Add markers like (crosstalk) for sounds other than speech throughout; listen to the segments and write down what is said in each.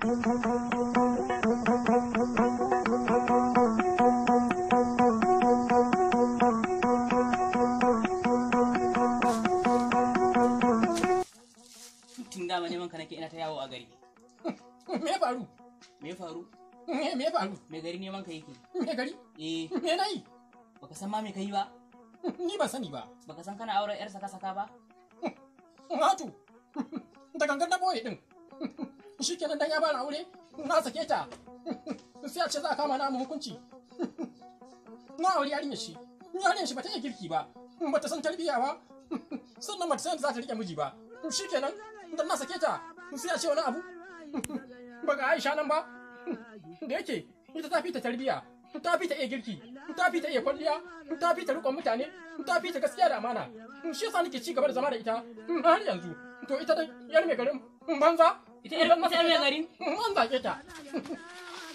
dama neman ka nake ina ta yawo a gari. (laughs) Me faru? Me faru? Me faru? Me gari neman ka yake? Me gari? Eh. Me nayi? Baka san ma me kai ba? (laughs) Ni ba sani ba. Baka san kana auren yar saka saka ba? Wato. (laughs) Da gangan na boye din. shi kenan dan ya bani aure na sake ta (laughs) sai a ce za a kama (laughs) na mu hukunci na aure yarinya shi yarinya shi ta iya girki ba ba ta san tarbiyya ba (laughs) sannan ta san za ta rike miji ba shi kenan dan na sake ta sai a ce wani abu ba ga Aisha nan ba da yake ita ta fi ta tarbiyya ta fi ta iya girki ta fi ta iya kwalliya ta fi ta rikon mutane ta fi ta gaskiya da amana shi yasa nake ci gaba da zama da ita har yanzu to ita dai yar mai garin banza ita yar masa yar mai gari an zage ta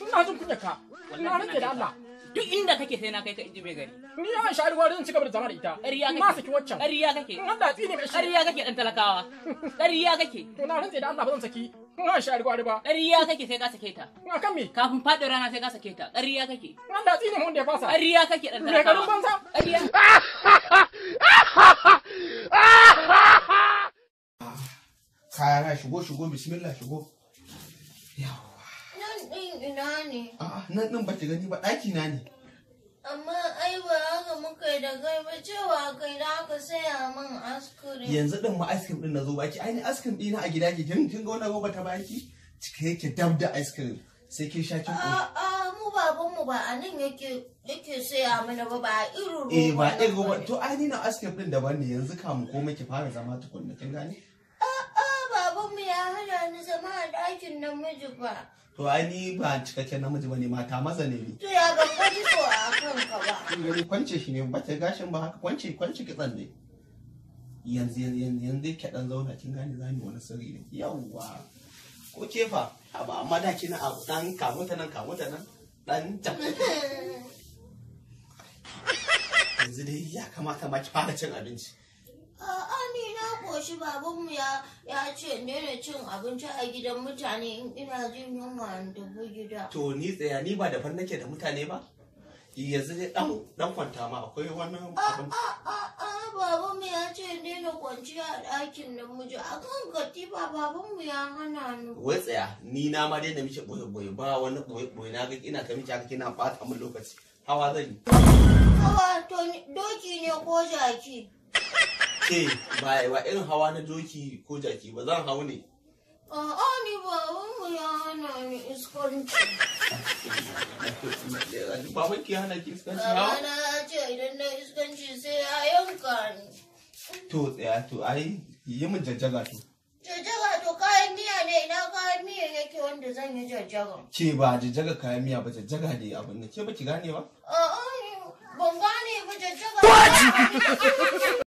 ina jin kunya ka ina rike da Allah duk inda kake sai na kai ka inji mai gari ni yawan shari gwarin ci gaba da zama da ita ƙarya kake ma saki waccan ƙarya kake an da tsini mai shi ƙarya kake dan talakawa ƙarya kake to na rantsa da Allah ba zan saki ina shari gwari ba ƙarya kake sai ka sake ta ina kan me kafin faɗin rana sai ka sake ta ƙarya kake an da tsini mun da ya fasa ƙarya kake ɗan talakawa mai garin banza ƙarya ah! shigo shigo bismillah shigo yawa nan din ina ne a'a nan din bata gani ba daki na ne amma ai ba haka muka yi da kai ba cewa kai da aka saya min askirin yanzu din ma cream din nazo baki ai ni askirin dina a gida ke kin kin ga wannan roba ta baki cike yake dab da cream sai kin sha kin a'a mu baban mu ba anan yake yake saya mana ba ba irin roba eh ba irin roba to ai ni na cream din daban ne yanzu kamu ko muke fara zama tukunna kin gane babanmu ya hana ni zama a ɗakin namiji ba. To ai ni ba cikakken namiji ba ne mata maza ne ni. To ya ga kwanci to a kanka ba. Ni kwance shi ne ba ta gashin ba haka kwance kwance kitsan ne. Yanzu yanzu yanzu ke dan zauna kin gane zamu wani sirri ne. Yawwa. Ko ke fa ba amma da kina a dan kamu ta nan kamu ta nan dan ta. (laughs) Yanzu dai ya kamata ma ki fara cin abinci. koshi babanmu ya ya ce in cin abinci a gidan mutane in ina jin yunwa in tafi gida. To ni tsaya ni ba daban nake da mutane ba? Yanzu dai dan dan kwanta ma akwai wannan abin. Babanmu ya ce in daina kwanciya a ɗakin nan muje a kan katifa babanmu ya hana ni. Wai tsaya ni na ma daina miki boye boye ba wani boye boye na ga ina ta miki haka kina fata min lokaci hawa zan yi. Hawa to doki ne ko jaki? ke eh, ba irin hawa na doki ko jaki ba zan hau ne a'a ni ba mu ya hana ni iskanci (laughs) baban ki hana ki iskanci hawa na ce idan na iskanci sai ya yanka ni to tsaya to ai yi min jajjaga to jajjaga to kayan miya ne ina kayan miya yake wanda zan yi jajjaga ke ba jajjaga kayan miya ba jajjaga ne abin da ke ba ki gane ba a'a ban gane ba jajjaga